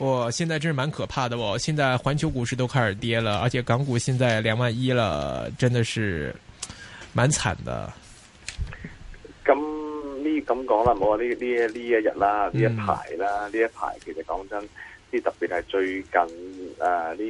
哇，現在真是蠻可怕的喎，現在環球股市都開始跌了，而且港股現在兩萬一了，真的是蠻慘的。咁呢咁講啦，冇話，呢呢呢一日啦，呢一排啦，呢一排其實講真，啲特別係最近誒呢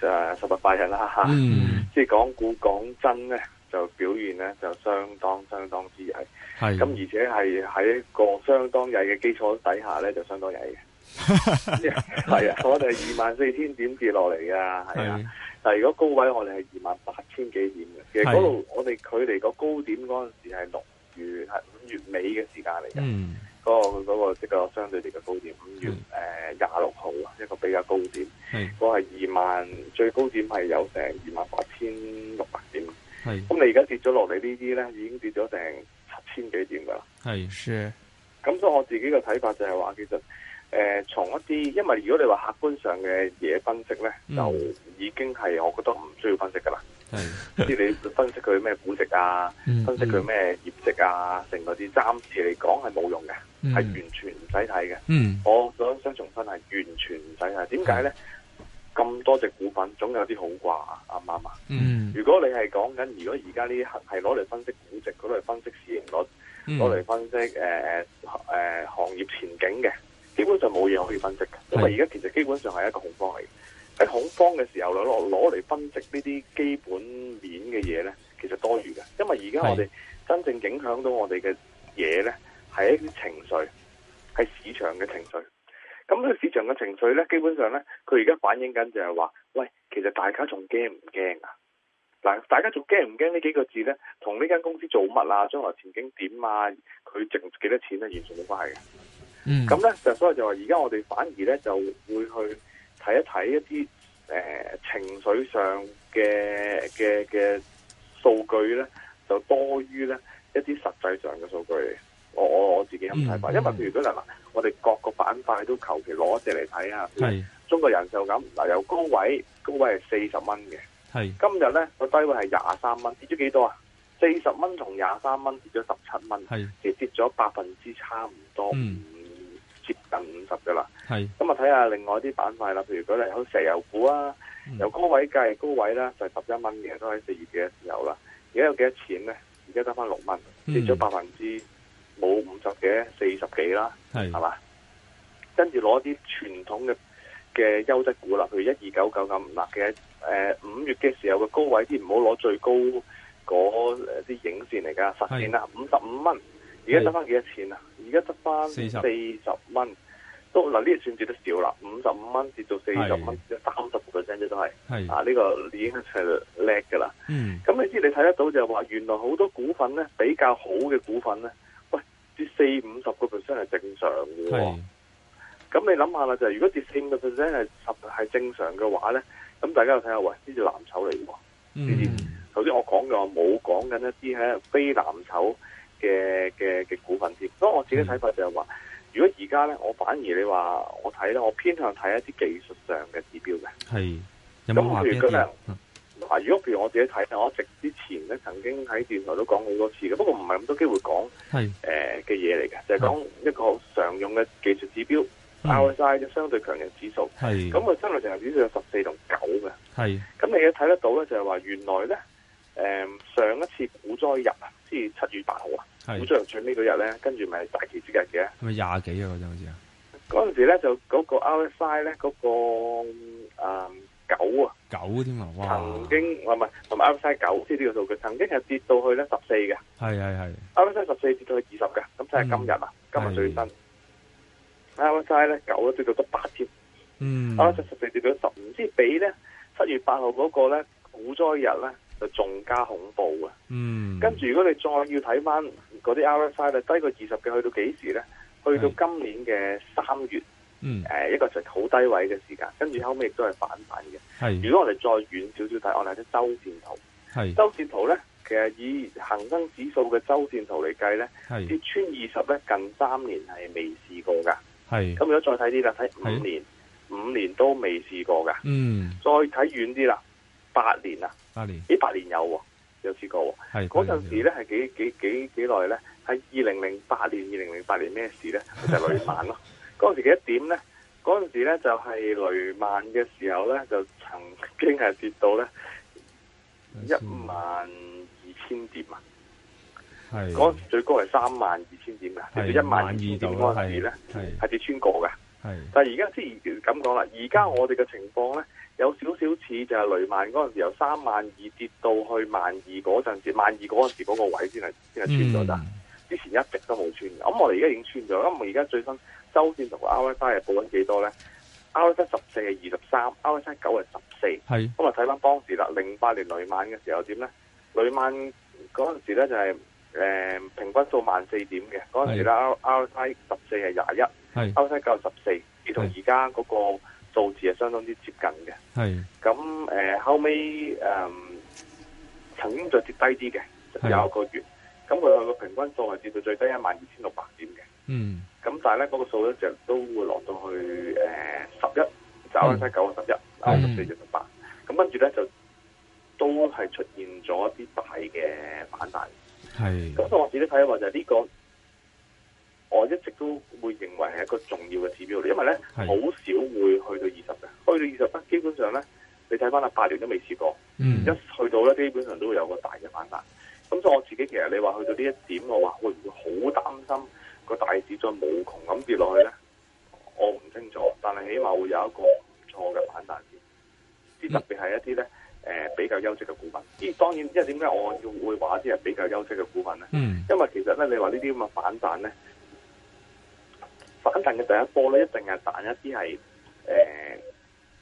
誒十日八日啦吓，嗯、即係港股講真咧，就表現咧就相當相當之曳，係咁的而且係喺一個相當曳嘅基礎底下咧就相當曳嘅。係 啊，我哋係二萬四千點跌落嚟噶，係啊。是的但係如果高位，我哋係二萬八千幾點嘅。其實嗰度的我哋距離個高點嗰陣時係六月係五月尾嘅時間嚟嘅。嗰、嗯嗰個佢嗰、嗰個即係相對嚟嘅高點，五月誒廿六號一個比較高點。係的，嗰係二萬最高點係有成二萬八千六百點。係的，咁你而家跌咗落嚟呢啲咧，已經跌咗成七千幾點噶啦。係的，咁所以我自己嘅睇法就係話，其實。誒，從、呃、一啲，因為如果你話客觀上嘅嘢分析咧，嗯、就已經係我覺得唔需要分析噶啦。係是，即 你分析佢咩估值啊，嗯、分析佢咩業績啊，成嗰啲暫時嚟講係冇用嘅，係、嗯、完全唔使睇嘅。嗯，我想想重新係完全唔使睇，點解咧？咁、嗯、多隻股份總有啲好啩，啱唔啱啊？嗯如，如果你係講緊，如果而家呢啲係攞嚟分析估值，攞嚟分析市盈率，攞嚟、嗯、分析誒誒、呃呃、行業前景嘅。基本上冇嘢可以分析嘅，咁啊而家其實基本上係一個恐慌嚟嘅。喺恐慌嘅時候咧，攞攞嚟分析呢啲基本面嘅嘢咧，其實多餘嘅。因為而家我哋真正影響到我哋嘅嘢咧，係一啲情緒，係市場嘅情緒。咁呢個市場嘅情緒咧，基本上咧，佢而家反映緊就係話，喂，其實大家仲驚唔驚啊？嗱，大家仲驚唔驚呢幾個字咧，同呢間公司做乜啊，將來前景點啊，佢值幾多錢咧、啊，完全冇關係嘅。咁咧，就、嗯、所以就話，而家我哋反而咧就會去睇一睇一啲誒、呃、情緒上嘅嘅嘅數據咧，就多於咧一啲實際上嘅數據。我我我自己咁睇法，嗯、因為譬如嗱嗱，我哋各個板塊都求其攞隻嚟睇啊。係是中國人壽咁嗱，由高位高位係四十蚊嘅，係是今日咧個低位係廿三蚊，跌咗幾多少啊？四十蚊同廿三蚊跌咗十七蚊，係即是跌咗百分之差唔多。嗯是。接近五十嘅啦，係咁啊！睇下另外啲板塊啦，譬如如果你睇石油股啊，嗯、由高位計高位啦，就十一蚊嘅都喺四月嘅時候啦。而家有幾多錢咧？而家得翻六蚊，跌咗百分之冇五十嘅四十幾啦，係係嘛？跟住攞啲傳統嘅嘅優質股啦，譬如一二九九咁嗱嘅，誒五月嘅時候嘅高位，啲，唔好攞最高嗰啲影線嚟噶實線啦，五十五蚊。而家得翻幾多錢啊？而家得翻四十蚊，都嗱，呢個算跌得少啦，五十五蚊跌到四十蚊，三十個 percent 啫，都係。係啊，呢個已經係叻噶啦。嗯。咁你知你睇得到就係話，原來好多股份咧，比較好嘅股份咧，喂，跌四五十個 percent 係正常嘅。哦，係是。咁你諗下啦，就如果跌四五十個 percent 係正常嘅話咧，咁大家又睇下，喂，呢隻藍籌嚟嘅喎。嗯。頭先我講嘅我冇講緊一啲係非藍籌嘅嘅嘅股份先，所以我自己睇法就係話，如果而家咧，我反而你話我睇咧，我偏向睇一啲技術上嘅指標嘅。係咁，有有譬如咁樣，嗱，如果譬如我自己睇我我直之前咧曾經喺電台都講好多次嘅，不過唔係咁多機會講係誒嘅嘢嚟嘅，就係、是、講一個常用嘅技術指標是，RSI 嘅相對強弱指數。係咁是，佢相對強弱指數有十四同九嘅。係咁是，你要睇得到咧，就係、是、話原來咧，誒、呃、上一次股災入啊。七月八號是啊，好似最尾呢嗰日咧，跟住咪大期之日嘅，係咪廿幾啊？嗰陣好似啊，嗰陣時咧就嗰個 RSI 咧，嗰個誒九啊九添啊，曾經唔係同埋 RSI 九先呢個數據，曾經係跌到去咧十四嘅，係係係 RSI 十四跌到去二十嘅，咁即係今日啊，嗯、今日最新 RSI 咧九都跌到得八添，RSI 十四跌到十五千，比咧七月八號嗰個咧股災日咧。就仲加恐怖啊！嗯，跟住，如果你再要睇翻嗰啲 RSI 咧，低過二十嘅去到幾時咧？去到今年嘅三月，嗯的，誒、呃，一個就好低位嘅時間。跟住、嗯、後尾亦都係反彈嘅。係的，如果我哋再遠少少睇，我哋睇周線圖。係的，周線圖咧，其實以恒生指數嘅周線圖嚟計咧，跌穿二十咧，呢近三年係未試過噶。係的，咁如果再睇啲啦，睇五年，五的年都未試過噶。嗯，再睇遠啲啦，八年啦。幾百年有，有試過。係嗰陣時咧，係幾幾幾幾耐？咧，喺二零零八年，二零零八年咩事咧？就係雷曼囉。嗰 時幾多點咧，嗰陣時咧就係雷曼嘅時候咧，就曾經係跌到咧一萬二千點啊！係嗰陣時是最高係三萬二千點噶，跌到一萬二千點嗰陣時咧係跌穿過噶。係但係而家即係咁講啦，而、就、家、是、我哋嘅情況咧。有少少似就係雷曼嗰陣時，由三萬二跌到去萬二嗰陣時，萬二嗰陣時嗰個位先係先係穿咗咋，嗯、之前一直都冇穿，咁我哋而家已經穿咗。咁我而家最新周線同個 RSI 係報緊幾多咧？RSI 十四係二十三，RSI 九係十四。係咁啊，睇翻當時啦，零八年雷曼嘅時候點咧？雷曼嗰陣時咧就係、是、誒、呃、平均數萬四點嘅，嗰陣時咧是 R RSI 十四係廿一，RSI 九係十四，14, 而同而家嗰個。是那個數字係相當之接近嘅，係咁，誒後尾誒、呃、曾經再跌低啲嘅，的有一個月，咁佢個平均數係跌到最低一萬二千六百點嘅，嗯，咁但係咧嗰個數字就都會落到去誒十一，走翻翻九十一，啊十四就十八，咁跟住咧就都係出現咗一啲大嘅反彈，係的，咁我自己睇下話就呢、這個。我一直都會認為係一個重要嘅指標嚟，因為咧好是少會去到二十嘅，去到二十不，基本上咧你睇翻啊八年都未試過，嗯、一去到咧基本上都會有一個大嘅反彈。咁所以我自己其實你話去到呢一點，我話會唔會好擔心個大指再冇窮咁跌落去咧？我唔清楚，但係起碼會有一個唔錯嘅反彈先。特別係一啲咧誒比較優質嘅股份，啲當然因為點解我要會話一啲係比較優質嘅股份咧？嗯，因為其實咧你話呢啲咁嘅反彈咧。反彈嘅第一波咧，彈，一定係彈一啲係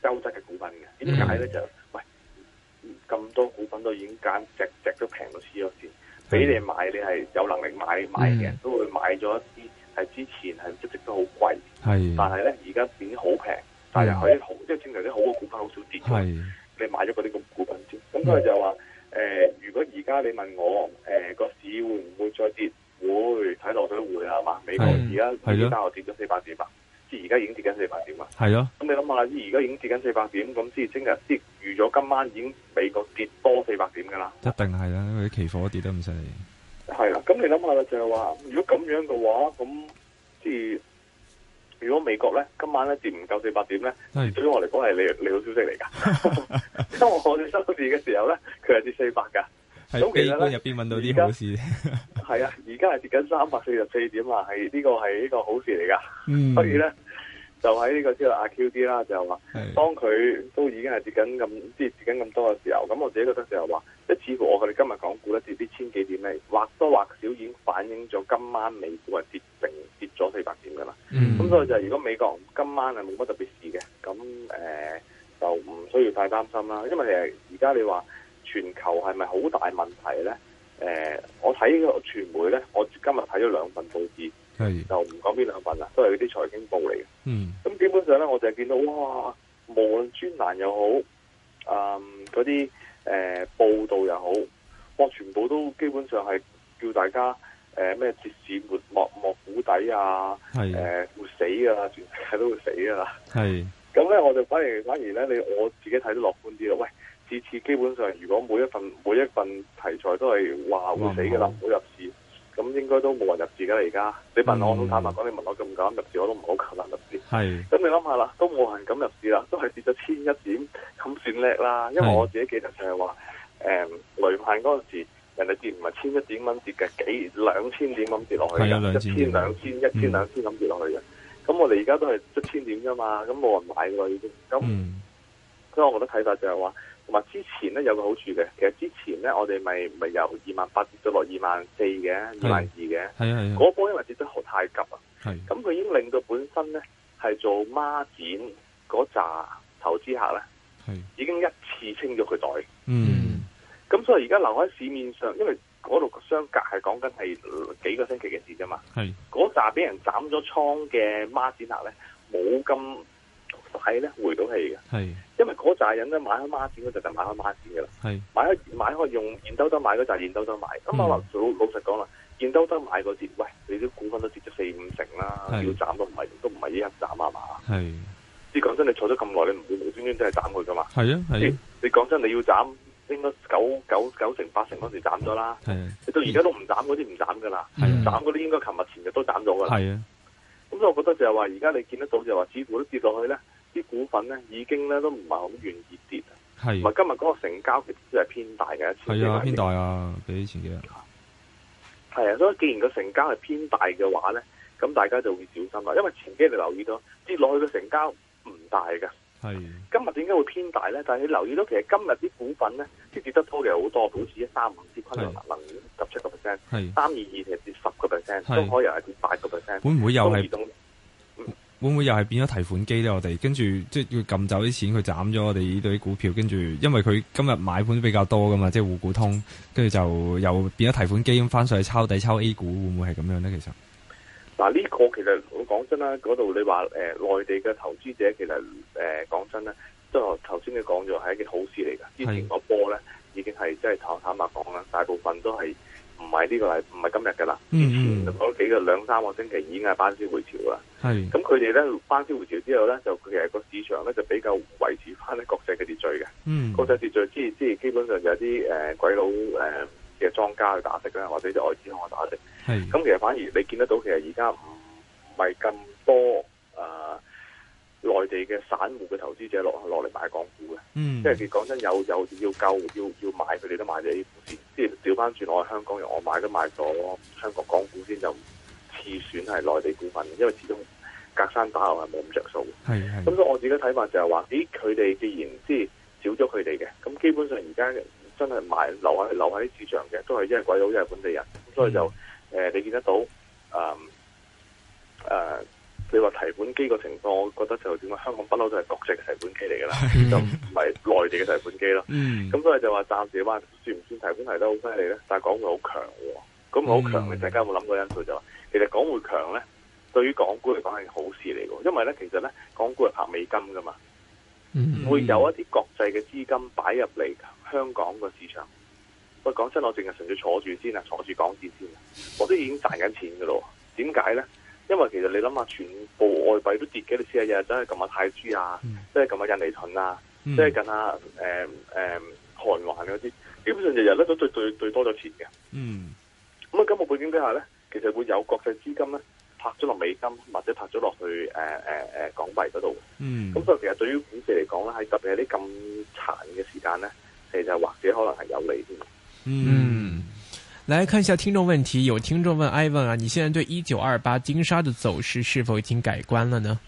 誒優質嘅股份嘅。點解咧？嗯、就喂，咁多股份都已經揀，隻隻都平到黐咗線。俾、嗯、你買，你係有能力買買嘅，嗯、都會買咗一啲係之前係隻隻都好貴，係是，但係咧而家已變好平，哎、呦但係又可以好，即係正常啲好嘅股份好少跌係，是你買咗嗰啲咁嘅股份先。咁佢、嗯、就話誒、呃，如果而家你問我誒個、呃、市會唔會再跌？會睇落去會係嘛？美國而家已經跌咗四百點啦，即係而家已經跌緊四百點啦。係咯的，咁你諗下，而家已經跌緊四百點，咁即係聽日即係預咗今晚已經美國跌多四百點噶啦。一定係啦，因為啲期貨跌得唔犀利。係啦，咁你諗下啦，就係話如果咁樣嘅話，咁即係如果美國咧今晚咧跌唔夠四百點咧，的對於我嚟講係利利好消息嚟噶。因為我哋收市嘅時候咧，佢係跌四百噶。都其實咧，入邊揾到啲好事。係啊，而家係跌緊三百四十四點啊，係呢個係呢個好事嚟噶。嗯，所以咧，就喺呢個即係阿 Q 啲啦，就係話，是當佢都已經係跌緊咁，即係跌緊咁多嘅時候，咁我自己覺得就係話，即似乎我哋今日港股咧跌啲千幾點咧，或多或少已經反映咗今晚美股係跌成跌咗四百點噶啦。嗯，咁所以就係如果美國今晚係冇乜特別事嘅，咁誒、呃、就唔需要太擔心啦。因為其實而家你話。全球係咪好大問題咧？誒、呃，我睇個傳媒咧，我今日睇咗兩份報紙，係，就唔講邊兩份啦。你問我好坦白講，你問我咁唔敢入市，入市，我都唔好敢入市。係，咁你諗下啦，都冇人敢入市啦，都係跌咗千一點，咁算叻啦。因為我自己記得就係話，誒、呃、雷曼嗰陣時，人哋跌唔係千一點蚊跌嘅，幾兩千點咁跌落去嘅，一千兩千一千兩千咁跌落去嘅。咁我哋而家都係一千點噶嘛，咁冇人買㗎啦已經。咁，所以我覺得睇法就係話。話之前咧有個好處嘅，其實之前咧我哋咪咪由二萬八跌到落二萬四嘅，二萬二嘅，係係嗰波因為跌得好是的 太急啊，係，咁佢已經令到本身咧係做孖展嗰紮投資客咧，係是的 已經一次清咗佢袋，嗯、嗯，咁所以而家留喺市面上，因為嗰度個箱格係講緊係幾個星期嘅事啫嘛，係，嗰紮俾人斬咗倉嘅孖展客咧冇咁。係咧，回到氣嘅。係，因為嗰扎人咧買開孖展，就就買開孖展嘅啦。係，買開買開用現兜兜買嗰扎現兜兜買。咁我話老老實講啦，現兜兜買嗰啲，喂，你啲股份都跌咗四五成啦，要斬都唔係，都唔係一一斬啊嘛。係，即係講真，你坐咗咁耐，你唔會無端端真係斬佢噶嘛。係啊，係。你講真，你要斬，應該九九九成八成嗰時斬咗啦。係。你到而家都唔斬嗰啲唔斬噶啦，要斬嗰啲應該琴日前日都斬咗噶啦。係啊。咁所以我覺得就係話，而家你見得到就係話，指數都跌落去咧。啲股份咧，已經咧都唔係好願意跌啊！係，同埋今日嗰個成交其實都係偏大嘅，係啊，偏大啊，比前幾日。係啊，所以既然個成交係偏大嘅話咧，咁大家就會小心啦。因為前幾日你留意到，跌落去嘅成交唔大㗎。係。今日點解會偏大咧？但係你留意到，其實今日啲股份咧，即跌得拖嘅好多，好似一三五跌，昆侖能十七個 percent，三二二其實跌十個 percent，都可以油跌八個 percent，會唔會又會唔會又係變咗提款機咧？我哋跟住即係要撳走啲錢，佢斬咗我哋呢堆股票，跟住因為佢今日買盤比較多噶嘛，即係滬股通，跟住就又變咗提款機咁翻上去抄底抄 A 股，會唔會係咁樣咧？其實嗱，呢個其實我講真啦，嗰度你話誒、呃、內地嘅投資者其實誒講、呃、真啦，即係頭先你講咗係一件好事嚟噶，之前個波咧已經係即係坦坦白講啦，大部分都係。唔係呢個禮，唔係今日嘅啦，之前嗰、嗯嗯、幾個兩三個星期已經係班師回潮啦。係是，咁佢哋咧班師回潮之後咧，就其實個市場咧就比較維持翻啲國際嘅秩序嘅。嗯，國際秩序之之，基本上有啲誒鬼佬誒嘅莊家去打食啦，或者啲外資去打食。係是，咁其實反而你見得到，其實而家唔唔係咁多啊。呃內地嘅散戶嘅投資者落落嚟買港股嘅，即係講真有有要救要要買佢哋都買咗啲股先。即係調翻轉我係香港人，我買都買咗香港港股先，就次選係內地股份，因為始終隔山打牛係冇咁着數。係咁、嗯、所以我自己嘅睇法就係話，咦佢哋既然即係少咗佢哋嘅，咁基本上而家真係買留喺留喺市場嘅都係一係鬼佬一係本地人，咁所以就誒、嗯呃、你見得到啊啊！嗯呃你話提款機個情況，我覺得就點解香港不嬲都係國際嘅提款機嚟噶啦， 就唔係內地嘅提款機咯。咁、嗯、所以就話暫時話算唔算提款提得好犀利咧？但係港匯好強、哦、強，咁好強，大家有冇諗過因素就話、是，其實港匯強咧，對於港股嚟講係好事嚟嘅，因為咧其實咧，港股係拍美金噶嘛，嗯、會有一啲國際嘅資金擺入嚟香港個市場。喂、嗯，講真的，我淨係純粹坐住先啊，坐住港紙先啊，我都已經賺緊錢噶咯。點解咧？因為其實你諗下，全部外幣都跌嘅，你試,試下日日都係撳下泰銖啊，即係撳下印尼盾啊，即係撳下誒誒韓元嗰啲，基本上日日都都兌多咗錢嘅。嗯，咁啊，金融、嗯、背景底下咧，其實會有國際資金咧，拍咗落美金或者拍咗落去誒誒誒港幣嗰度。嗯，咁所以其實對於股市嚟講咧，喺特別係啲咁殘嘅時間咧，其實就是或者可能係有利啲。嗯。來看一下聽眾問題，有聽眾問 Ivan 啊，你現在對一九二八金沙的走勢是否已經改觀了呢？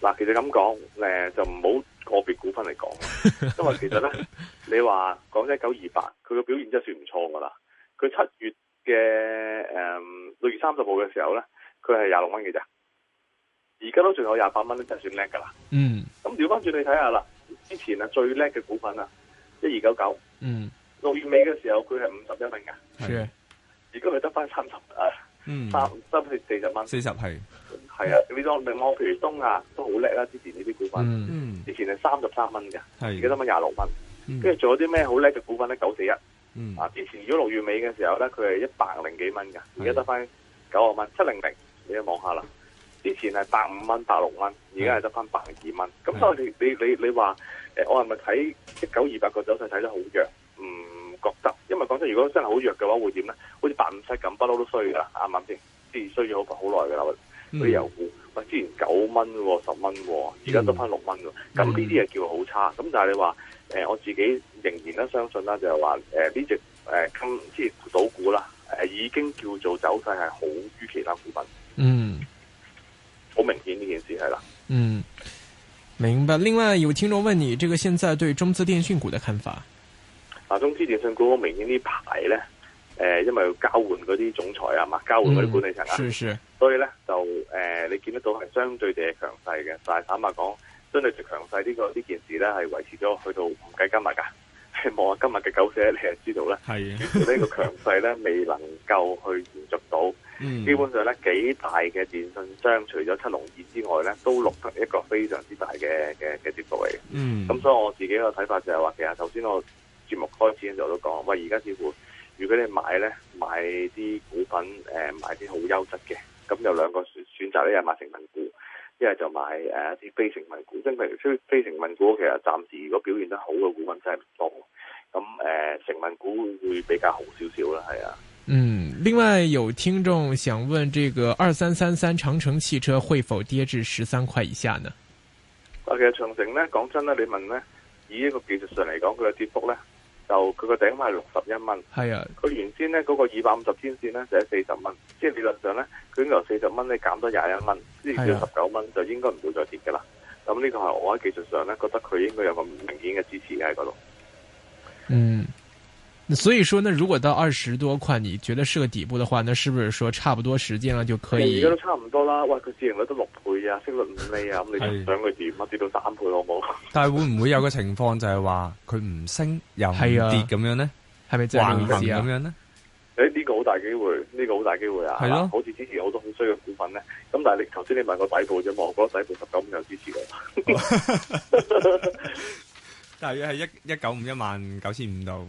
嗱，其實咁講，誒、呃，就唔好個別股份嚟講，因為其實咧， 你話講起九二八，佢個表現真係算唔錯噶啦。佢七月嘅誒六月三十號嘅時候咧，佢係廿六蚊嘅咋。而家都仲有廿八蚊，真係算叻噶啦。嗯。咁調翻轉你睇下啦，之前啊最叻嘅股份啊，一二九九。嗯。六月尾嘅時候佢係五十一蚊噶，而家佢得翻三十，嗯，三三十四十蚊，四十係，係啊，你當另外譬如東亞都好叻啦，之前呢啲股份，嗯，之前係三十三蚊嘅，係而家得翻廿六蚊，跟住做咗啲咩好叻嘅股份咧？九四一，嗯，啊，之前如果六月尾嘅時候咧，佢係一百零幾蚊嘅，而家得翻九啊蚊，七零零你去望下啦，之前係百五蚊、百六蚊，而家係得翻百幾蚊，咁所以你你你你話誒，我係咪睇一九二八個走勢睇得好弱？唔、嗯、覺得，因為講真，如果真係好弱嘅話，會點咧？好似八五七咁，不嬲都衰噶啦，啱唔啱先？即、嗯、係、嗯、衰咗好好耐噶啦，嗰啲油股，咪之前九蚊、哦、十蚊、哦，而家都翻六蚊嘅，咁呢啲嘢叫好差。咁、嗯、但係你話誒、呃，我自己仍然都相信啦，就係話誒呢隻誒今即係股股啦，誒、呃呃呃、已經叫做走勢係好於其他股份。嗯，好明顯呢件事係啦。的嗯，明白。另外有聽眾問你，這個現在對中資電訊股嘅看法？嗱，中資電信股，我明顯呢排咧，誒，因為要交換嗰啲總裁啊嘛，交換嗰啲管理層啊，嗯、是是所以咧就誒、呃，你見得到係相對地係強勢嘅，但係坦白講，相對地強勢呢個呢件事咧，係維持咗去到唔計今日噶，望下今日嘅九四一，你就知道咧，的個強勢呢個強勢咧，未能夠去延續到，嗯、基本上咧幾大嘅電信商，除咗七龍二之外咧，都錄得一個非常之大嘅嘅嘅跌幅嚟嘅。嗯，咁所以我自己個睇法就係、是、話，其實頭先我。節目開始嘅時候都講，喂，而家似乎如果你買咧，買啲股份，誒、呃，買啲好優質嘅，咁有兩個選，選擇咧，一係買成民股，一係就買誒一啲非成民股。即譬如非成民股其實暫時如果表現得好嘅股份真係唔多，咁誒、呃、成民股會比較好少少啦，係啊。嗯，另外有聽眾想問，這個二三三三長城汽車會否跌至十三塊以下呢？啊，其實長城咧，講真啦，你問咧，以一個技術上嚟講，佢嘅跌幅咧。就佢個頂位係六十一蚊，係啊。佢原先咧，嗰、那個二百五十天線咧就係四十蚊，即係理論上咧，佢由四十蚊咧減咗廿一蚊，跌咗十九蚊，就應該唔會再跌噶啦。咁呢個係我喺技術上咧，覺得佢應該有個明顯嘅支持喺嗰度。嗯。所以說呢，那如果到二十多塊，你覺得是個底部嘅話呢，那是不是說差不多時間啦就可以？而家都差唔多啦，哇！佢市盈率都六倍啊，升率五厘啊，咁、嗯、你想佢點？我 的跌到三倍好冇？但係會唔會有個情況就係話佢唔升又唔跌咁樣呢？係咪即係咁樣呢？誒，呢、這個好大機會，呢、這個好大機會啊！係咯的，好似之前好多好衰嘅股份呢、啊。咁但係你頭先你問過底、那個底部啫嘛？我覺得底部十九五又支持嘅， 大約係一一九五一萬九千五度。